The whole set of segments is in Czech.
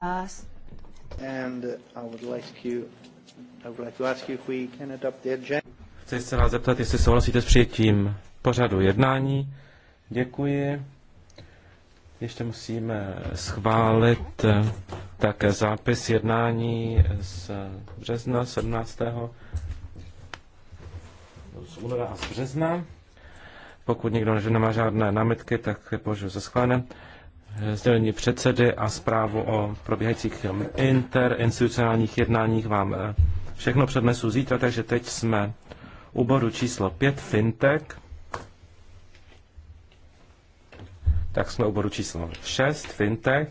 us. And I would like you, I would like to ask you if we can adopt the agenda. Chci se vás zeptat, jestli souhlasíte s přijetím pořadu jednání. Děkuji. Ještě musíme schválit eh, také zápis jednání z března 17. z února a z března. Pokud někdo nemá žádné námitky, tak je za schválené sdělení předsedy a zprávu o probíhajících interinstitucionálních jednáních vám eh, všechno přednesu zítra, takže teď jsme u bodu číslo 5 fintech. Tak jsme u bodu číslo 6 fintech.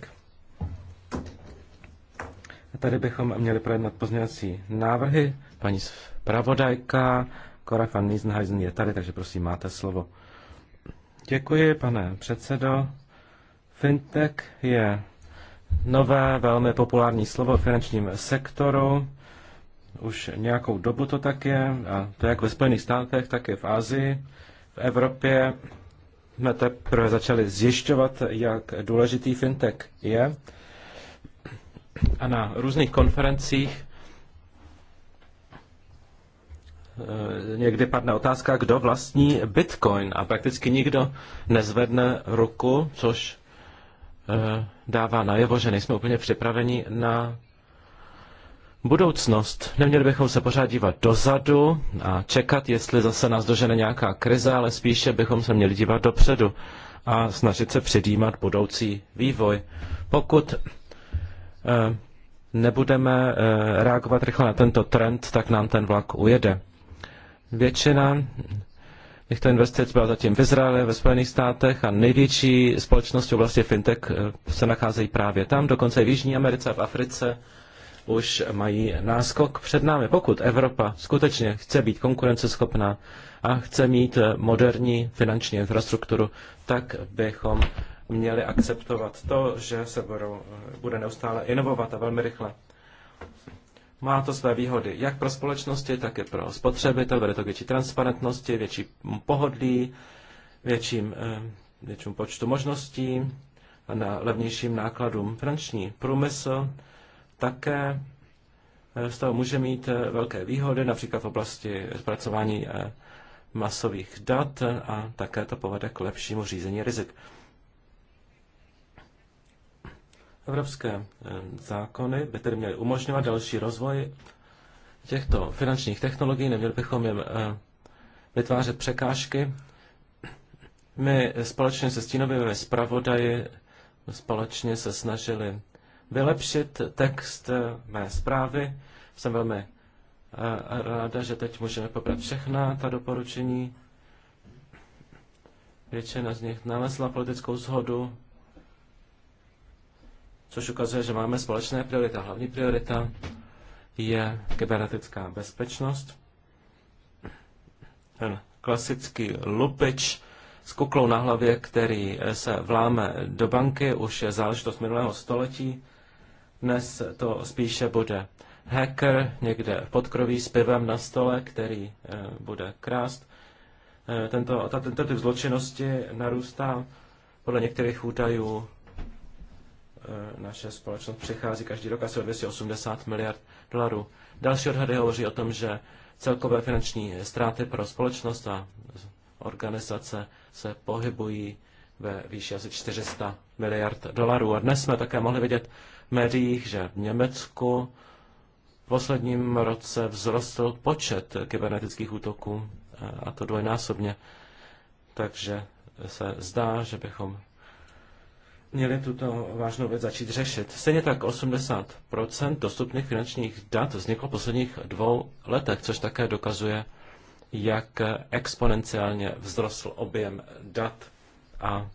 A tady bychom měli projednat pozměňovací návrhy. Paní zpravodajka Kora van Niesenheisen je tady, takže prosím, máte slovo. Děkuji, pane předsedo. Fintech je nové, velmi populární slovo v finančním sektoru. Už nějakou dobu to tak je, a to jak ve Spojených státech, tak i v Asii. V Evropě jsme teprve začali zjišťovat, jak důležitý fintech je. A na různých konferencích eh, někdy padne otázka, kdo vlastní bitcoin a prakticky nikdo nezvedne ruku, což Eh, dává najevo, že nejsme úplně připraveni na budoucnost. Neměli bychom se pořád dívat dozadu a čekat, jestli zase nás dožene nějaká krize, ale spíše bychom se měli dívat dopředu a snažit se předjímat budoucí vývoj. Pokud eh, nebudeme eh, reagovat rychle na tento trend, tak nám ten vlak ujede. Většina těchto investic byla zatím v Izraeli, ve Spojených státech a největší společnosti v oblasti fintech eh, se nacházejí právě tam, dokonce v Jižní Americe a v Africe už mají náskok před námi. Pokud Evropa skutečně chce být konkurenceschopná a chce mít eh, moderní finanční infrastrukturu, tak bychom měli akceptovat to, že se budou, eh, bude neustále inovovat a velmi rychle. Má to své výhody jak pro společnosti, tak i pro spotřebitel. Vede to k větší transparentnosti, větší pohodlí, větším, eh, větším počtu možností a na levnějším nákladům. Franční průmysl také eh, z toho může mít eh, velké výhody, například v oblasti zpracování masových dat a také to povede k lepšímu řízení rizik. Evropské eh, zákony by tedy měly umožňovat další rozvoj těchto finančních technologií, neměli bychom jim eh, vytvářet překážky. My společně se stínovými zpravodaji společně se snažili vylepšit text eh, mé zprávy. Jsem velmi ráda, že teď můžeme poprat všechna ta doporučení. Většina z nich nalezla politickou shodu což ukazuje, že máme společné priorita. Hlavní priorita je kybernetická bezpečnost. Ten klasický lupič s kuklou na hlavě, který se vláme do banky, už je záležitost minulého století. Dnes to spíše bude hacker někde v podkroví s pivem na stole, který eh, bude krást. Eh, tento, ta, tento typ zločinnosti narůstá podle některých údajů Eh, naše společnost přichází každý rok asi o 280 miliard dolarů. Další odhady hovoří o tom, že celkové finanční ztráty pro společnost a organizace se pohybují ve výši asi 400 miliard dolarů. A dnes jsme také mohli vidět v médiích, že v Německu v posledním roce vzrostl počet kybernetických útoků, eh, a to dvojnásobně. Takže se zdá, že bychom měli tuto vážnou věc začít řešit. Stejně tak 80% dostupných finančních dat vzniklo v posledních dvou letech, což také dokazuje, jak exponenciálně vzrostl objem dat a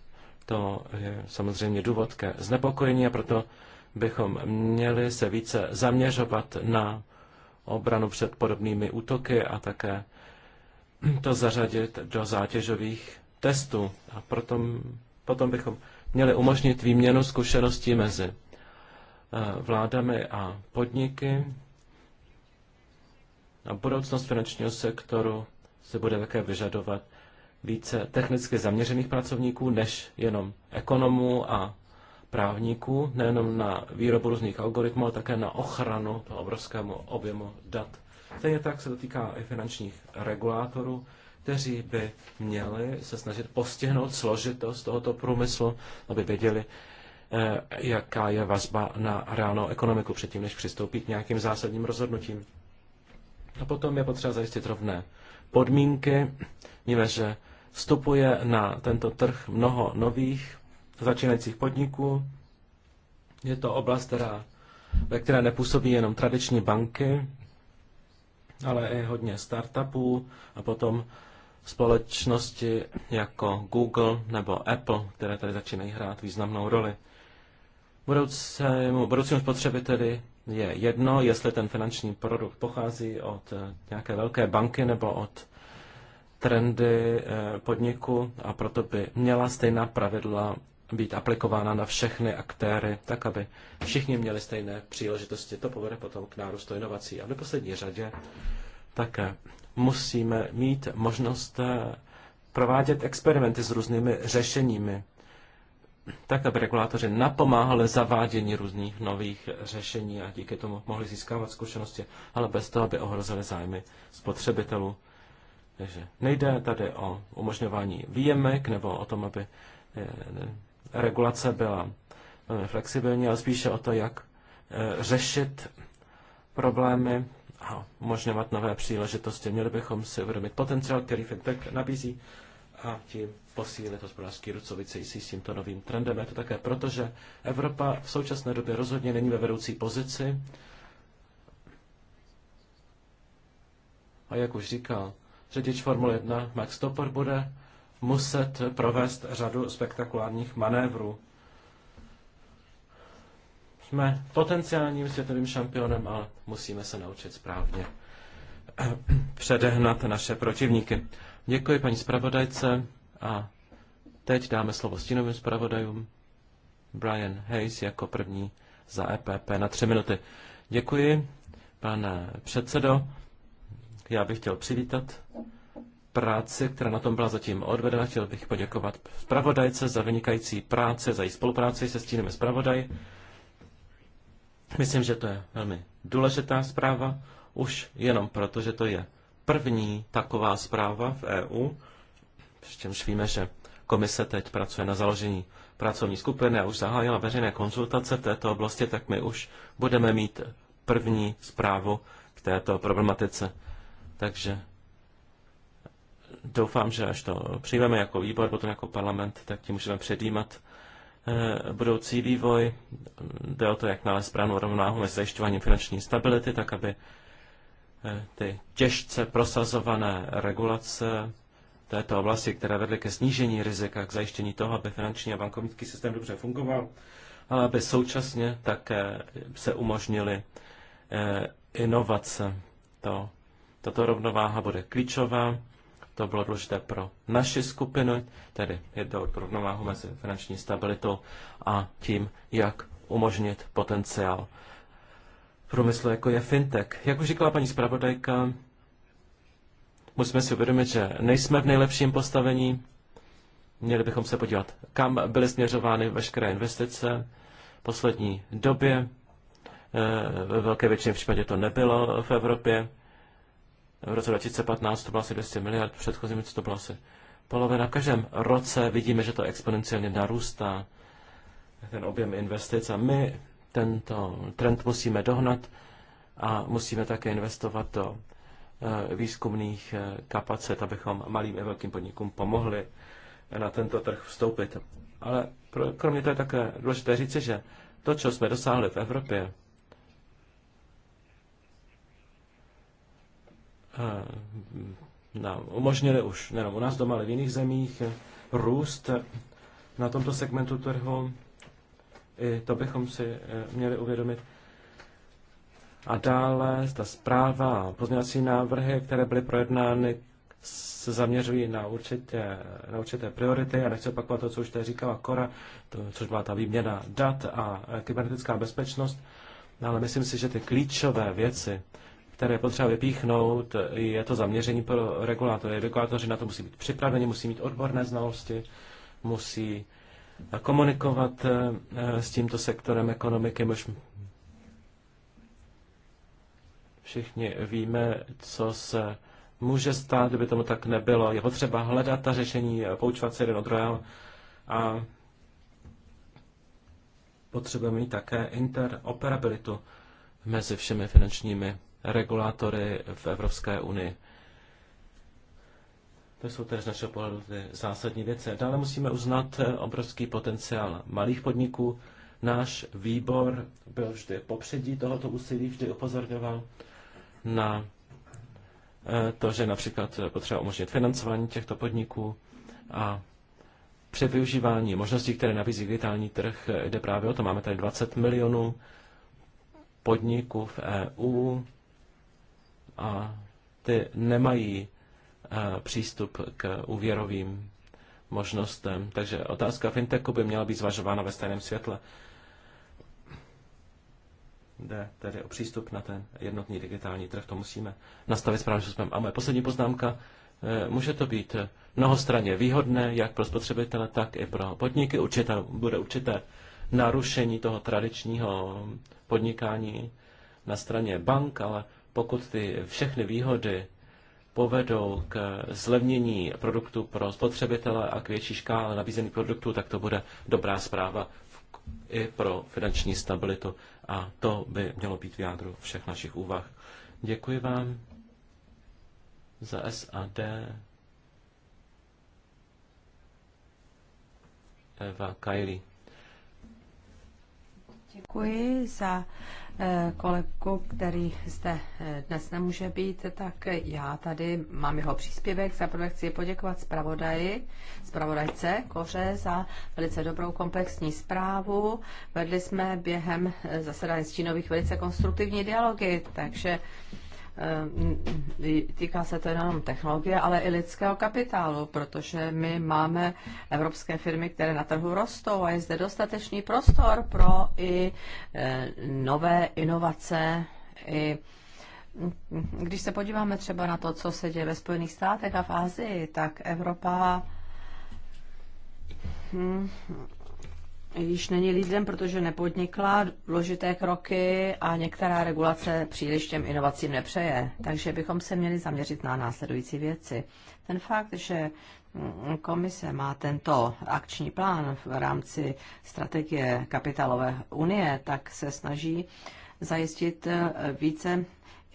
to je samozřejmě důvod ke znepokojení a proto bychom měli se více zaměřovat na obranu před podobnými útoky a také to zařadit do zátěžových testů. A proto, potom bychom měly umožnit výměnu zkušeností mezi eh, vládami a podniky. A budoucnost finančního sektoru se bude také vyžadovat více technicky zaměřených pracovníků, než jenom ekonomů a právníků, nejenom na výrobu různých algoritmů, ale také na ochranu toho obrovskému objemu dat. Stejně tak se dotýká týká i finančních regulátorů kteří by měli se snažit postihnout složitost tohoto průmyslu, aby věděli, eh, jaká je vazba na reálnou ekonomiku předtím, než přistoupí k nějakým zásadním rozhodnutím. A potom je potřeba zajistit rovné podmínky. Víme, že vstupuje na tento trh mnoho nových začínajících podniků. Je to oblast, která, ve které nepůsobí jenom tradiční banky, ale i hodně startupů a potom Společnosti jako Google nebo Apple, které tady začínají hrát významnou roli. Budoucímu, budoucímu spotřebiteli je jedno, jestli ten finanční produkt pochází od eh, nějaké velké banky nebo od trendy eh, podniku a proto by měla stejná pravidla být aplikována na všechny aktéry, tak aby všichni měli stejné příležitosti. To povede potom k nárůstu inovací. A v neposlední řadě také musíme mít možnost eh, provádět experimenty s různými řešeními, tak aby regulátoři napomáhali zavádění různých nových řešení a díky tomu mohli získávat zkušenosti, ale bez toho, aby ohrozili zájmy spotřebitelů. Takže nejde tady o umožňování výjimek nebo o tom, aby eh, regulace byla flexibilní, ale spíše o to, jak eh, řešit problémy umožňovat nové příležitosti. Měli bychom si uvědomit potenciál, který fintech nabízí a tím posílit hospodářský růst související s tímto novým trendem. Je to také proto, že Evropa v současné době rozhodně není ve vedoucí pozici. A jak už říkal řidič Formule 1 Max Topor bude muset provést řadu spektakulárních manévrů jsme potenciálním světovým šampionem, ale musíme se naučit správně předehnat naše protivníky. Děkuji paní zpravodajce a teď dáme slovo stínovým zpravodajům. Brian Hayes jako první za EPP na tři minuty. Děkuji, pane předsedo. Já bych chtěl přivítat práci, která na tom byla zatím odvedena. Chtěl bych poděkovat zpravodajce za vynikající práci, za její spolupráci se stínovým zpravodajem Myslím, že to je velmi důležitá zpráva, už jenom proto, že to je první taková zpráva v EU, přičemž víme, že komise teď pracuje na založení pracovní skupiny a už zahájila veřejné konzultace v této oblasti, tak my už budeme mít první zprávu k této problematice. Takže doufám, že až to přijmeme jako výbor, potom jako parlament, tak tím můžeme předjímat Eh, budoucí vývoj. Jde o to, jak nalézt správnou rovnáhu mezi zajišťováním finanční stability, tak aby eh, ty těžce prosazované regulace této oblasti, které vedly ke snížení rizika, k zajištění toho, aby finanční a bankovnický systém dobře fungoval, ale aby současně také se umožnily eh, inovace. To, tato rovnováha bude klíčová to bylo důležité pro naši skupinu, tedy to rovnováhu mezi finanční stabilitou a tím, jak umožnit potenciál průmyslu, jako je fintech. Jak už říkala paní zpravodajka, musíme si uvědomit, že nejsme v nejlepším postavení. Měli bychom se podívat, kam byly směřovány veškeré investice v poslední době. Eh, ve velké většině případě to nebylo v Evropě. V roce 2015 to bylo asi 200 miliard, v předchozím to bylo asi polovina. V každém roce vidíme, že to exponenciálně narůstá, ten objem investic a my tento trend musíme dohnat a musíme také investovat do eh, výzkumných eh, kapacit, abychom malým i velkým podnikům pomohli na tento trh vstoupit. Ale kromě toho je také důležité říci, že to, co jsme dosáhli v Evropě, no, umožnili už nejenom u nás doma, ale v jiných zemích eh, růst na tomto segmentu trhu. I to bychom si eh, měli uvědomit. A dále ta zpráva a pozměňovací návrhy, které byly projednány, se zaměřují na určité, na určité priority. A nechci opakovat to, co už tady říkala Kora, to, což byla ta výměna dat a kybernetická bezpečnost. No, ale myslím si, že ty klíčové věci, které potřeba vypíchnout, je to zaměření pro regulátory. Regulátoři na to musí být připraveni, musí mít odborné znalosti, musí komunikovat eh, s tímto sektorem ekonomiky. všichni víme, co se může stát, kdyby tomu tak nebylo. Je potřeba hledat ta řešení, poučovat se jeden od druhého a potřebujeme mít také interoperabilitu mezi všemi finančními regulátory v Evropské unii. To jsou tedy z našeho pohledu ty zásadní věci. Dále musíme uznat eh, obrovský potenciál malých podniků. Náš výbor byl vždy popředí tohoto úsilí, vždy upozorňoval na eh, to, že například potřeba umožnit financování těchto podniků a při využívání možností, které nabízí digitální trh, eh, jde právě o to. Máme tady 20 milionů podniků v EU, a ty nemají eh, přístup k úvěrovým možnostem. Takže otázka fintechu by měla být zvažována ve stejném světle. Jde tedy o přístup na ten jednotný digitální trh, to musíme nastavit správným způsobem. A moje poslední poznámka, eh, může to být mnohostranně výhodné, jak pro spotřebitele, tak i pro podniky. Určitě bude určité narušení toho tradičního podnikání na straně bank, ale pokud ty všechny výhody povedou k zlevnění produktu pro spotřebitele a k větší škále nabízených produktů, tak to bude dobrá zpráva i pro finanční stabilitu. A to by mělo být v jádru všech našich úvah. Děkuji vám za SAD. Eva Kaili. Děkuji za Eh, kolegu, který zde eh, dnes nemůže být, tak já tady mám jeho příspěvek. Za prvé chci poděkovat zpravodaji, zpravodajce Koře za velice dobrou komplexní zprávu. Vedli jsme během eh, zasedání stínových velice konstruktivní dialogy, takže Eh, týká se to jenom technologie, ale i lidského kapitálu, protože my máme evropské firmy, které na trhu rostou a je zde dostatečný prostor pro i eh, nové inovace, i když se podíváme třeba na to, co se děje ve Spojených státech a v Ázii, tak Evropa hm, již není lídrem, protože nepodnikla důležité kroky a některá regulace příliš těm inovacím nepřeje. Takže bychom se měli zaměřit na následující věci. Ten fakt, že mm, komise má tento akční plán v rámci strategie kapitalové unie, tak se snaží zajistit eh, více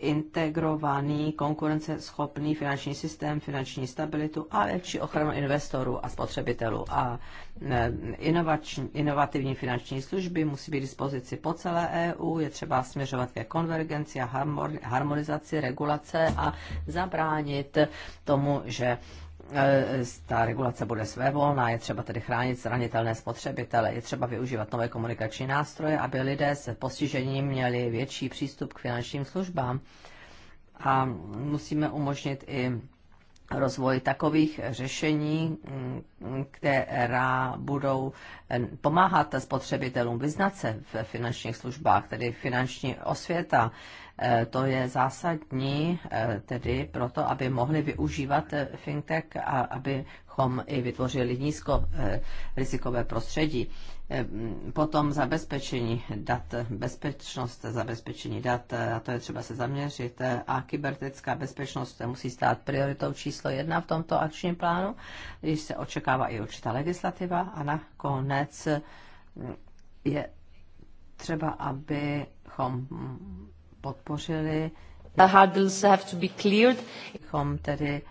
integrovaný, konkurenceschopný finanční systém, finanční stabilitu a lepší ochranu investorů a spotřebitelů. A e, inovační, inovativní finanční služby musí být dispozici po celé EU, je třeba směřovat ke konvergenci a harmonizaci regulace a zabránit tomu, že E, ta regulace bude svévolná, je třeba tedy chránit zranitelné spotřebitele, je třeba využívat nové komunikační nástroje, aby lidé s postižením měli větší přístup k finančním službám. A musíme umožnit i rozvoj takových řešení, mm, která budou e, pomáhat spotřebitelům vyznat se v finančních službách, tedy finanční osvěta, Eh, to je zásadní eh, tedy proto, aby mohli využívat eh, fintech a abychom i vytvořili nízko rizikové prostředí. Mm, potom zabezpečení dat, bezpečnost zabezpečení dat, a to je třeba se zaměřit, a kybernetická bezpečnost musí stát prioritou číslo jedna v tomto akčním plánu, když se očekává i určitá legislativa a nakonec mm, je třeba, abychom podpořili The hurdles have to be cleared. Bychom tedy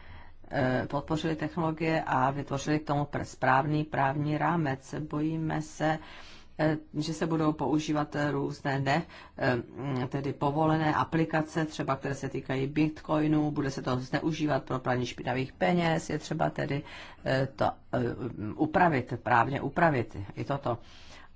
eh, podpořili technologie a vytvořili k tomu správný právní rámec. Bojíme se, eh, že se budou používat eh, různé ne, tedy povolené aplikace, třeba které se týkají bitcoinu, bude se to zneužívat pro praní špinavých peněz, je třeba tedy to upravit, právně upravit i toto.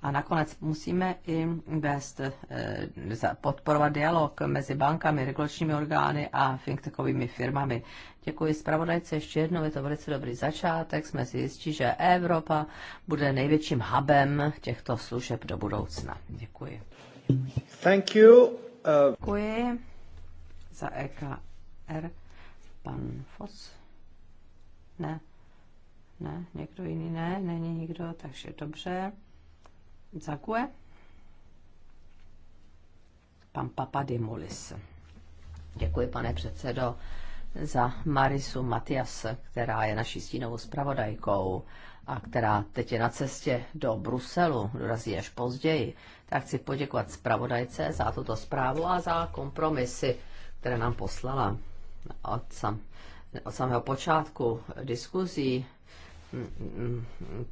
A nakonec musíme i vést, eh, podporovat dialog mezi bankami, regulačními orgány a fintechovými firmami. Děkuji zpravodajce ještě jednou, je to velice dobrý začátek. Jsme si jistí, že Evropa bude největším hubem těchto služeb do budoucna. Děkuji. Thank you. Uh... Děkuji za EKR. Pan Fos? Ne. Ne, někdo jiný ne, není nikdo, takže dobře. Za pan Papa Papadimulis. Děkuji, pane předsedo, za Marisu Matias, která je naší stínovou zpravodajkou a která teď je na cestě do Bruselu, dorazí až později, tak chci poděkovat zpravodajce za tuto zprávu a za kompromisy, které nám poslala od, sam, od samého počátku diskuzí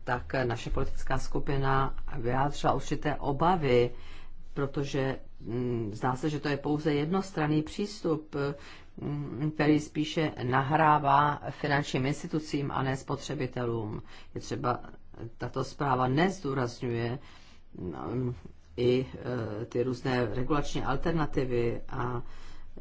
tak naše politická skupina vyjádřila určité obavy, protože mm, zdá se, že to je pouze jednostranný přístup, mm, který spíše nahrává finančním institucím a ne spotřebitelům. Je třeba, tato zpráva nezdůrazňuje mm, i e, ty různé regulační alternativy a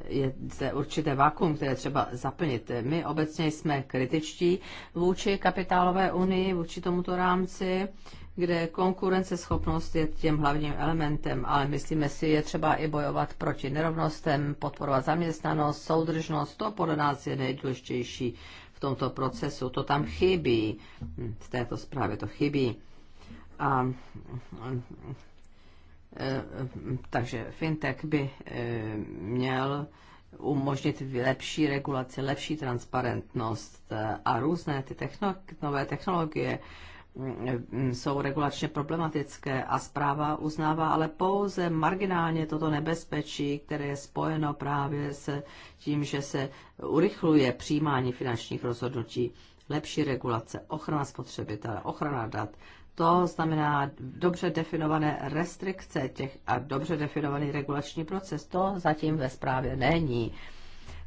je zde určité vákum, které třeba zaplnit. My obecně jsme kritičtí vůči kapitálové unii, vůči tomuto rámci, kde konkurenceschopnost je tím hlavním elementem, ale myslíme si, je třeba i bojovat proti nerovnostem, podporovat zaměstnanost, soudržnost, to podle nás je nejdůležitější v tomto procesu. To tam chybí, hm, v této zprávě to chybí. A Eh, takže fintech by eh, měl umožnit lepší regulaci, lepší transparentnost eh, a různé ty techno, nové technologie mm, jsou regulačně problematické a zpráva uznává ale pouze marginálně toto nebezpečí, které je spojeno právě s tím, že se urychluje přijímání finančních rozhodnutí, lepší regulace, ochrana spotřebitele, ochrana dat to znamená dobře definované restrikce těch a dobře definovaný regulační proces. To zatím ve zprávě není.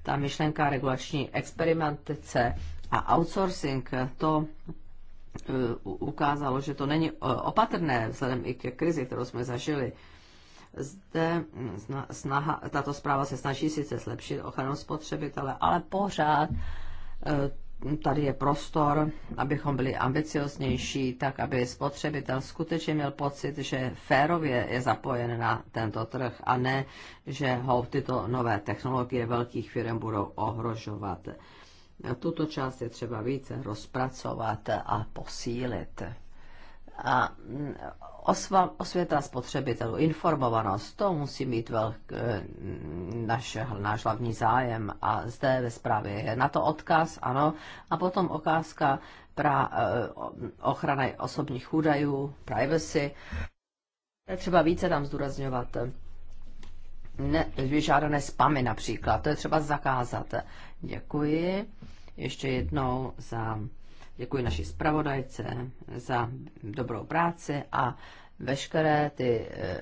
Ta myšlenka regulační experimentace a outsourcing, to eh, ukázalo, že to není eh, opatrné vzhledem i ke krizi, kterou jsme zažili. Zde hm, snaha, tato zpráva se snaží sice zlepšit ochranu spotřebitele, ale pořád eh, tady je prostor, abychom byli ambicioznější, tak aby spotřebitel skutečně měl pocit, že férově je zapojen na tento trh a ne, že ho tyto nové technologie velkých firm budou ohrožovat. Tuto část je třeba více rozpracovat a posílit. A Osva, osvěta spotřebitelů, informovanost, to musí mít velk, eh, naš, náš hlavní zájem a zde ve zprávě je na to odkaz, ano, a potom okázka pra, eh, ochrany osobních údajů, privacy, třeba více tam zdůrazňovat eh, ne, vyžádané spamy například, to je třeba zakázat. Děkuji ještě jednou za Děkuji naší zpravodajce za dobrou práci a veškeré ty eh,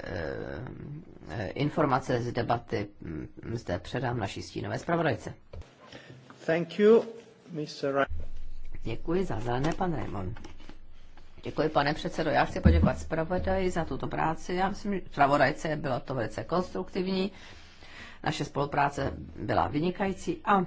eh, informace z debaty hm, zde předám naší stínové zpravodajce. Thank you, Mr. Děkuji za zelené, pan Raymond. Děkuji, pane předsedo. Já chci poděkovat zpravodaji za tuto práci. Já myslím, že zpravodajce bylo to velice konstruktivní. Naše spolupráce byla vynikající a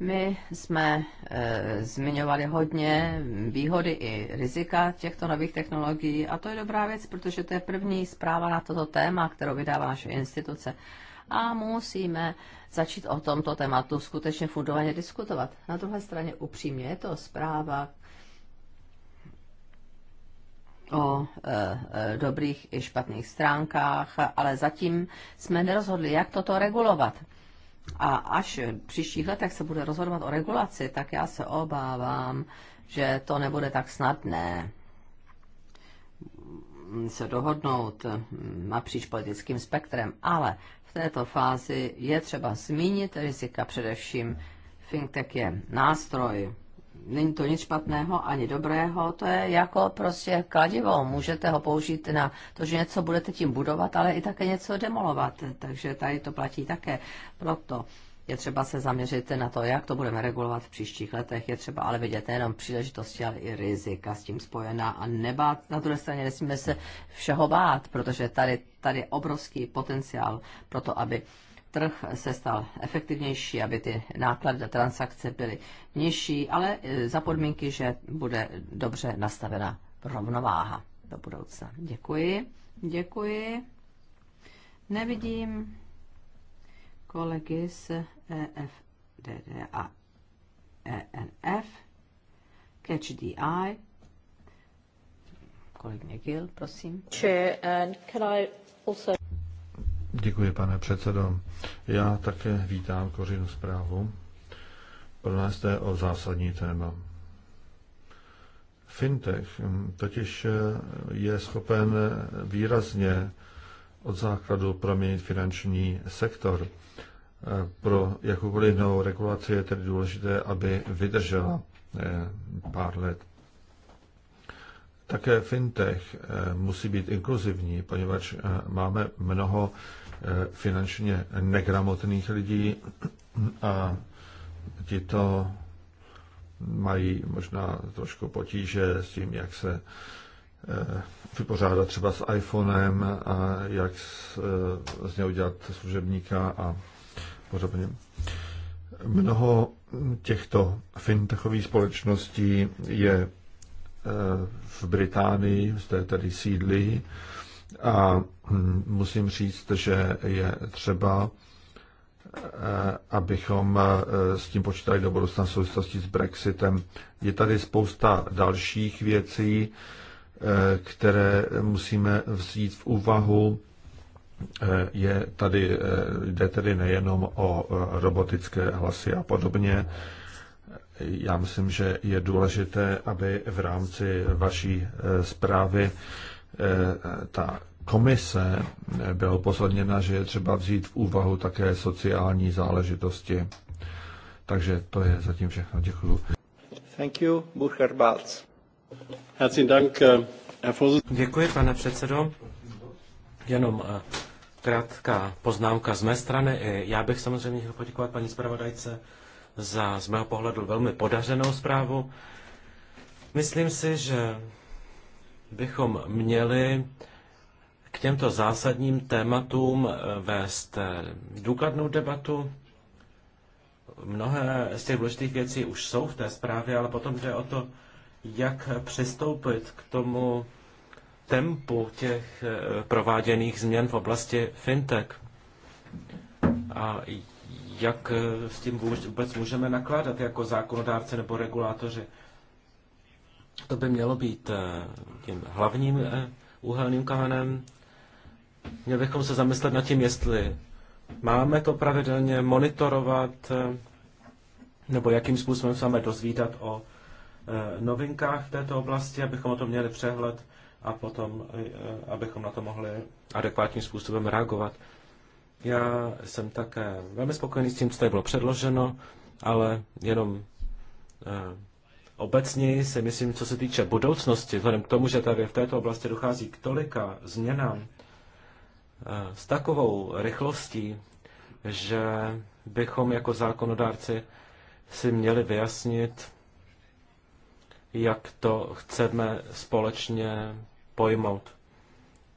my jsme e, zmiňovali hodně výhody i rizika těchto nových technologií a to je dobrá věc, protože to je první zpráva na toto téma, kterou vydává naše instituce. A musíme začít o tomto tématu skutečně fundovaně diskutovat. Na druhé straně upřímně je to zpráva o e, dobrých i špatných stránkách, ale zatím jsme nerozhodli, jak toto regulovat a až v příštích letech se bude rozhodovat o regulaci, tak já se obávám, že to nebude tak snadné se dohodnout napříč politickým spektrem, ale v této fázi je třeba zmínit rizika především. FinTech je nástroj, není to nic špatného ani dobrého, to je jako prostě kladivo. Můžete ho použít na to, že něco budete tím budovat, ale i také něco demolovat. Takže tady to platí také. Proto je třeba se zaměřit na to, jak to budeme regulovat v příštích letech. Je třeba ale vidět nejenom příležitosti, ale i rizika s tím spojená a nebát. Na druhé straně nesmíme se všeho bát, protože tady, tady je obrovský potenciál pro to, aby trh se stal efektivnější, aby ty náklady na transakce byly nižší, ale e, za podmínky, že bude dobře nastavena rovnováha do budoucna. Děkuji. Děkuji. Nevidím kolegy z EFDD a ENF. Catch the eye. Kolegyně Gil, prosím. Chair, and can I also Děkuji, pane předsedo. Já také vítám Kořinu zprávu. Pro nás to je o zásadní téma. Fintech hm, totiž eh, je schopen výrazně od základu proměnit finanční sektor. Eh, pro jakoukoliv novou regulaci je tedy důležité, aby vydržela eh, pár let. Také fintech musí být inkluzivní, poněvadž máme mnoho finančně negramotných lidí a ti to mají možná trošku potíže s tím, jak se eh, vypořádat třeba s iPhonem a jak eh, z něho udělat služebníka a podobně. Mnoho těchto fintechových společností je eh, v Británii, zde tady sídlí a hm, musím říct, že je třeba, eh, abychom eh, s tím počítali do budoucna v souvislosti s Brexitem. Je tady spousta dalších věcí, eh, které musíme vzít v úvahu. Je tady, jde tedy nejenom o robotické hlasy a podobně. Já myslím, že je důležité, aby v rámci vaší zprávy Eh, ta komise byla upozorněna, že je třeba vzít v úvahu také sociální záležitosti. Takže to je zatím všechno. Děkuji. Thank you, Burkhard Balz. Herzlichen Dank, eh, Herr Děkuji, pane předsedo. Jenom eh, krátká poznámka z mé strany. Já bych samozřejmě chtěl poděkovat paní zpravodajce za z mého pohledu velmi podařenou zprávu. Myslím si, že bychom měli k těmto zásadním tématům eh, vést eh, důkladnou debatu. Mnohé z těch důležitých věcí už jsou v té zprávě, ale potom jde o to, jak přistoupit k tomu tempu těch eh, prováděných změn v oblasti fintech a jak s tím vůbec můžeme nakládat jako zákonodárce nebo regulátoři. To by mělo být eh, tím hlavním eh, úhelným kamenem. Měli bychom se zamyslet nad tím, jestli máme to pravidelně monitorovat, eh, nebo jakým způsobem se máme dozvídat o novinkách v této oblasti, abychom o tom měli přehled a potom, abychom na to mohli adekvátním způsobem reagovat. Já jsem také velmi spokojený s tím, co tady bylo předloženo, ale jenom obecně si myslím, co se týče budoucnosti, vzhledem k tomu, že tady v této oblasti dochází k tolika změnám eh, s takovou rychlostí, že bychom jako zákonodárci si měli vyjasnit, jak to chceme společně pojmout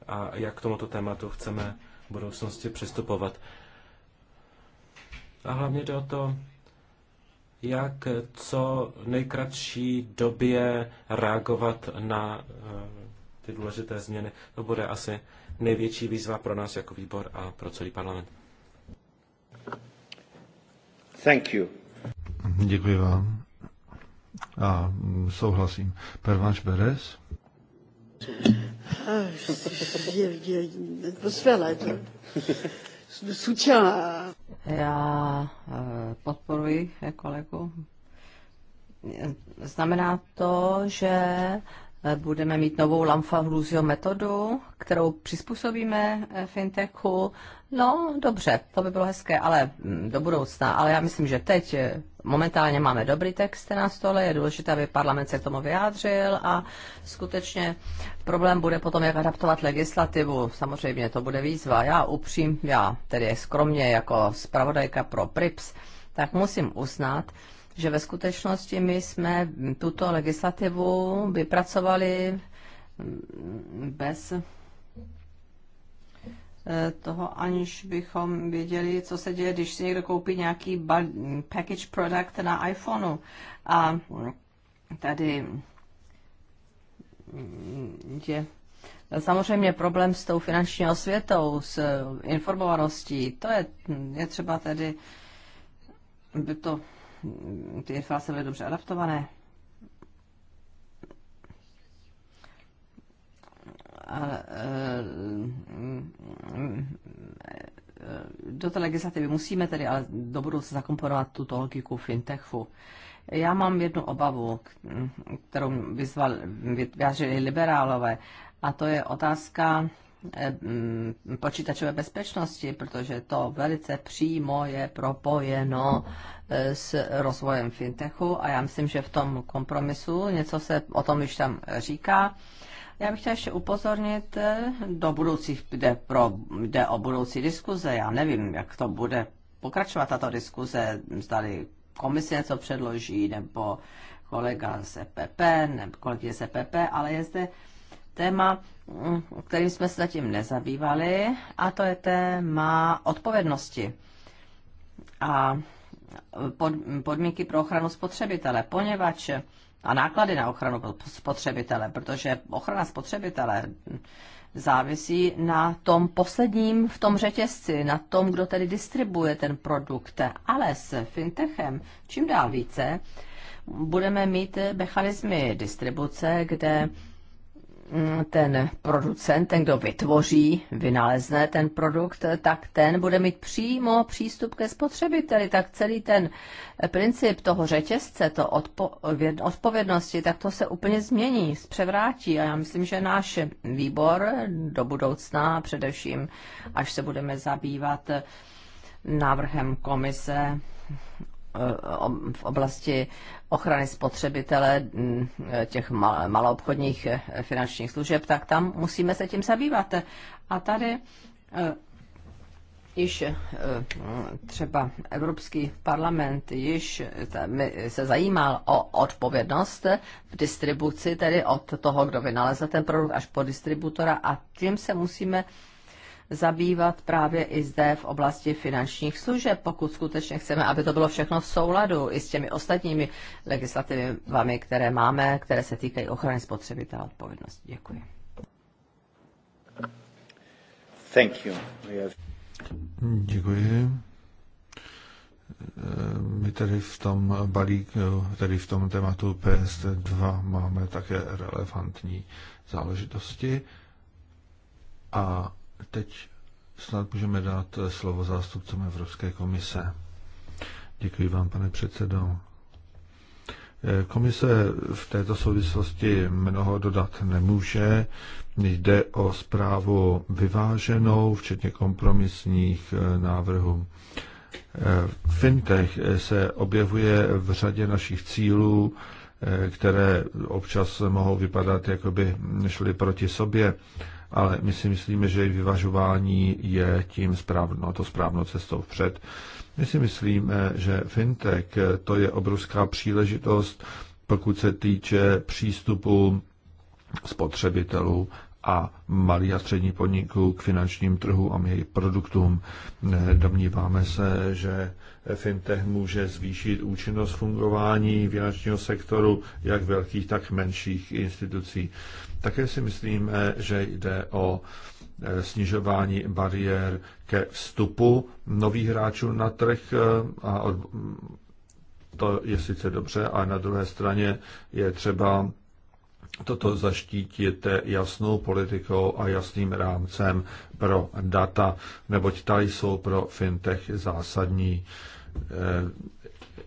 a jak k tomuto tématu chceme v budoucnosti přistupovat. A hlavně jde o to, jak co nejkratší době reagovat na ty důležité změny. To bude asi největší výzva pro nás jako výbor a pro celý parlament. Thank you. Děkuji vám. A souhlasím. Pervanš Beres? de soutien à... Já eh, podporuji eh, kolegu. Znamená to, že budeme mít novou Hluzio metodu, kterou přizpůsobíme eh, fintechu. No, dobře, to by bylo hezké, ale mm, do budoucna. Ale já myslím, že teď eh, momentálně máme dobrý text na stole, je důležité, aby parlament se k tomu vyjádřil a skutečně problém bude potom, jak adaptovat legislativu. Samozřejmě to bude výzva. Já upřím, já tedy skromně jako zpravodajka pro PRIPS, tak musím uznat, že ve skutečnosti my jsme tuto legislativu vypracovali mm, bez eh, toho, aniž bychom věděli, co se děje, když si někdo koupí nějaký package product na iPhoneu. A tady mm, je samozřejmě problém s tou finanční osvětou, s eh, informovaností. To je, je třeba tedy by to ty informace byly dobře adaptované. Ale, eh, do té legislativy musíme tedy ale do budoucna zakomponovat tuto logiku fintechu. Já mám jednu obavu, kterou vyzval, vyjádřili liberálové, a to je otázka Eh, počítačové bezpečnosti, protože to velice přímo je propojeno eh, s rozvojem fintechu a já myslím, že v tom kompromisu něco se o tom již tam říká. Já bych chtěla ještě upozornit eh, do budoucích, jde, pro, jde o budoucí diskuze. Já nevím, jak to bude pokračovat tato diskuze, zdali komise něco předloží, nebo kolega z EPP, nebo kolegy z EPP, ale je zde téma, mm, kterým jsme se zatím nezabývali, a to je téma odpovědnosti a podmínky pro ochranu spotřebitele, poněvadž a náklady na ochranu spotřebitele, protože ochrana spotřebitele závisí na tom posledním v tom řetězci, na tom, kdo tedy distribuje ten produkt. Ale s fintechem čím dál více budeme mít mechanismy distribuce, kde Mm, ten producent, ten, kdo vytvoří, vynalezne ten produkt, tak ten bude mít přímo přístup ke spotřebiteli. Tak celý ten princip toho řetězce, to odpo- odpovědnosti, tak to se úplně změní, převrátí. A já myslím, že náš výbor do budoucna, především až se budeme zabývat návrhem komise Eh, v oblasti ochrany spotřebitele mm, eh, těch maloobchodních eh, finančních služeb, tak tam musíme se tím zabývat. A tady již třeba Evropský parlament již se zajímal o odpovědnost v distribuci, tedy od toho, kdo vynalezl ten produkt, až po distributora a tím se musíme zabývat právě i zde v oblasti finančních služeb, pokud skutečně chceme, aby to bylo všechno v souladu i s těmi ostatními legislativami, které máme, které se týkají ochrany spotřebitele odpovědnosti. Děkuji. Thank you. Have... Děkuji. My tady v tom balík, tady v tom tématu PS2 máme také relevantní záležitosti a Teď snad můžeme dát slovo zástupcům Evropské komise. Děkuji vám, pane předsedo. Komise v této souvislosti mnoho dodat nemůže. Jde o zprávu vyváženou, včetně kompromisních návrhů. Fintech se objevuje v řadě našich cílů, které občas mohou vypadat, jako by šly proti sobě ale my si myslíme, že vyvažování je tím správno, to správnou cestou vpřed. My si myslíme, že fintech to je obrovská příležitost, pokud se týče přístupu spotřebitelů a malých a střední podniků k finančním trhu a jejich produktům. Domníváme se, že fintech může zvýšit účinnost fungování finančního sektoru, jak velkých, tak menších institucí. Také si myslím, že jde o e, snižování bariér ke vstupu nových hráčů na trh e, a to je sice dobře, a na druhé straně je třeba toto zaštítit jasnou politikou a jasným rámcem pro data, neboť ta jsou pro fintech zásadní. Eh,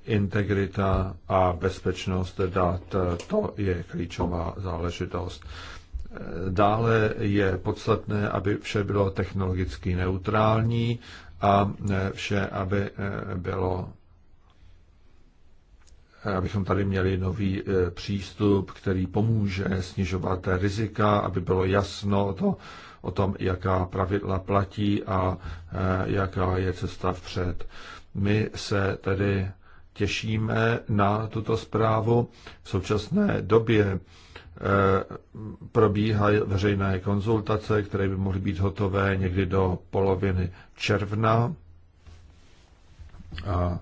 integrita a bezpečnost dat, to je klíčová záležitost. Eh, dále je podstatné, aby vše bylo technologicky neutrální a eh, vše, aby bylo abychom tady měli nový eh, přístup, který pomůže snižovat rizika, aby bylo jasno to, o tom, jaká pravidla platí a eh, jaká je cesta vpřed. My se tedy těšíme na tuto zprávu. V současné době eh, probíhají veřejné konzultace, které by mohly být hotové někdy do poloviny června. A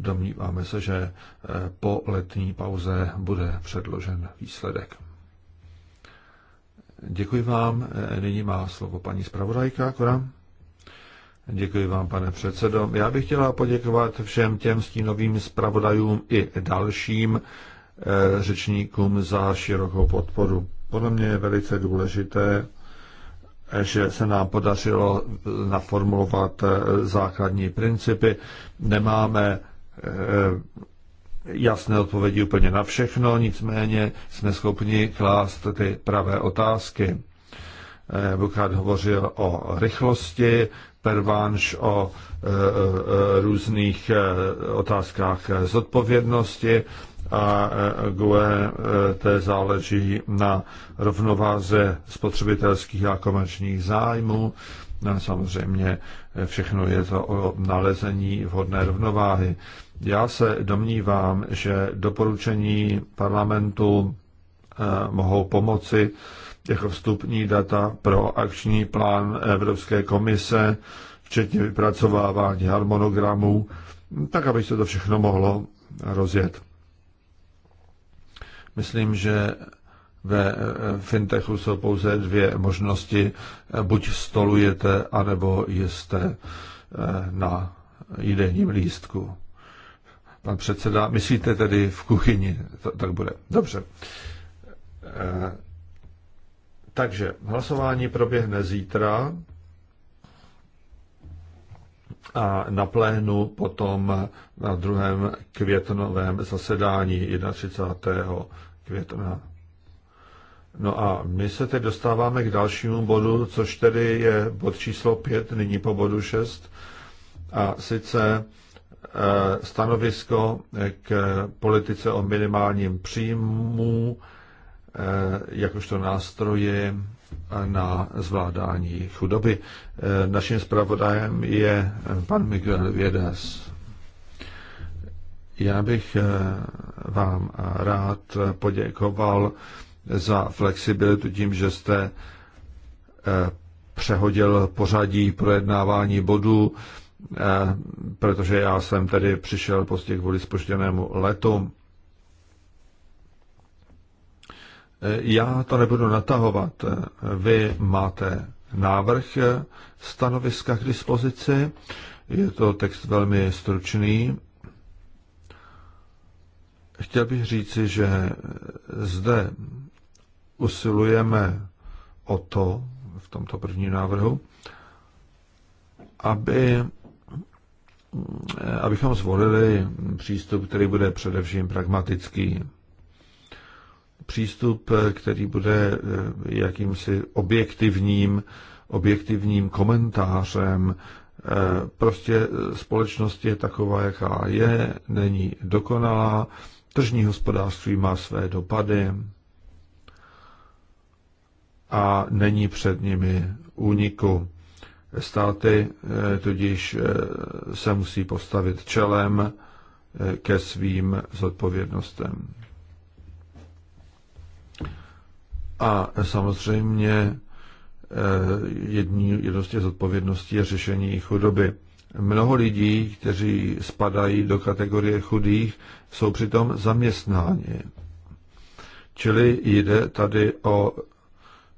Domníváme se, že eh, po letní pauze bude předložen výsledek. Děkuji vám. Eh, nyní má slovo paní zpravodajka Kora. Děkuji vám, pane předsedo. Já bych chtěla poděkovat všem těm stínovým zpravodajům i dalším eh, řečníkům za širokou podporu. Podle mě je velice důležité, že se nám podařilo naformulovat eh, základní principy. Nemáme eh, jasné odpovědi úplně na všechno, nicméně jsme schopni klást ty pravé otázky. Bukát eh, hovořil o rychlosti, Pervánš o různých otázkách zodpovědnosti, a e, GUE e, té záleží na rovnováze spotřebitelských a komerčních zájmů. No, samozřejmě e, všechno je to o nalezení vhodné rovnováhy. Já se domnívám, že doporučení parlamentu mohou pomoci jako vstupní data pro akční plán Evropské komise, včetně vypracovávání harmonogramů, tak aby se to všechno mohlo rozjet. Myslím, že ve e, e, fintechu jsou pouze dvě možnosti. Buď stolujete, anebo jste e, na jídelním lístku. Pan předseda, myslíte tedy v kuchyni? To, tak bude. Dobře. Takže hlasování proběhne zítra a na plénu potom na druhém květnovém zasedání 31 května. No a my se teď dostáváme k dalšímu bodu, což tedy je bod číslo 5, nyní po bodu 6, a sice eh, stanovisko k politice o minimálním příjmu eh, jakožto nástroji na zvládání chudoby. Eh, naším zpravodajem je pan Miguel Viedas. Já bych eh, vám rád poděkoval za flexibilitu tím, že jste eh, přehodil pořadí projednávání bodů, eh, protože já jsem tedy přišel těch kvůli spoštěnému letu. Já to nebudu natahovat. Vy máte návrh stanoviska k dispozici. Je to text velmi stručný Chtěl bych říci, že zde usilujeme o to, v tomto prvním návrhu, aby, abychom zvolili přístup, který bude především pragmatický. Přístup, který bude eh, jakýmsi objektivním, objektivním komentářem. Eh, prostě společnost je taková, jaká je, není dokonalá, Tržní hospodářství má své dopady a není před nimi úniku. Státy eh, tudíž eh, se musí postavit čelem eh, ke svým zodpovědnostem. A samozřejmě jední, jednou z těch zodpovědností je řešení chudoby. Mnoho lidí, kteří spadají do kategorie chudých, jsou přitom zaměstnáni. Čili jde tady o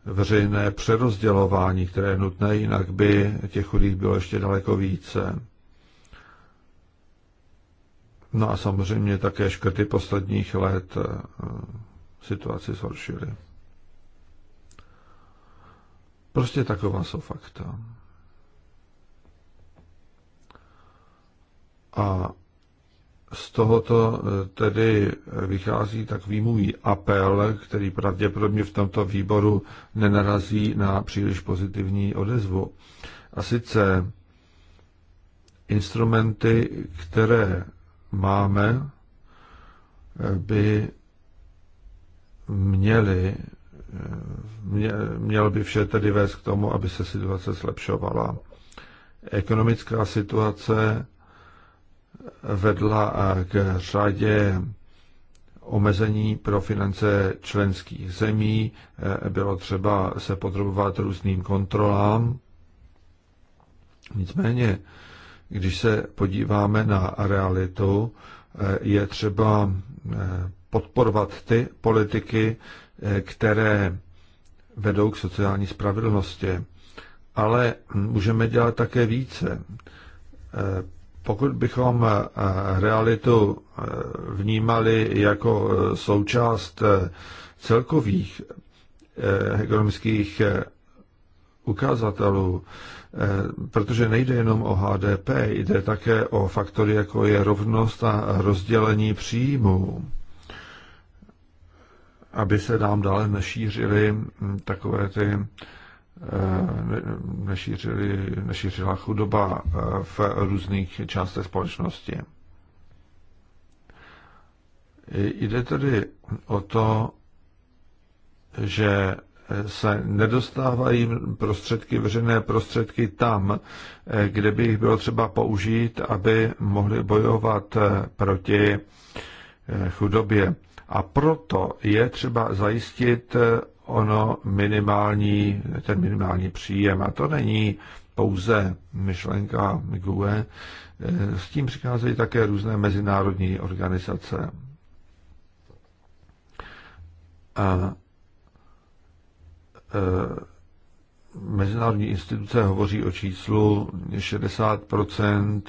veřejné přerozdělování, které je nutné, jinak by těch chudých bylo ještě daleko více. No a samozřejmě také škrty posledních let eh, situaci zhoršily. Prostě taková jsou fakta. A z tohoto eh, tedy eh, vychází takový můj apel, který pravděpodobně v tomto výboru nenarazí na příliš pozitivní odezvu. A sice instrumenty, které máme, eh, by měly, mě, měl by vše tedy vést k tomu, aby se situace zlepšovala. Ekonomická situace vedla k řadě omezení pro finance členských zemí, bylo třeba se podrobovat různým kontrolám. Nicméně, když se podíváme na realitu, je třeba podporovat ty politiky, které vedou k sociální spravedlnosti. Ale můžeme dělat také více pokud bychom eh, realitu eh, vnímali jako eh, součást celkových ekonomických ukazatelů, protože nejde jenom o HDP, jde také o faktory, jako je rovnost a rozdělení příjmů, aby se nám dále nešířily hm, takové ty Eh, nešířili, nešířila chudoba eh, v různých částech společnosti. Jde tedy o to, že se nedostávají prostředky, veřejné prostředky tam, eh, kde by jich bylo třeba použít, aby mohli bojovat proti chudobě. A proto je třeba zajistit ono minimální, ten minimální příjem. A to není pouze myšlenka GUE, eh, s tím přicházejí také různé mezinárodní organizace. A eh, mezinárodní instituce hovoří o číslu 60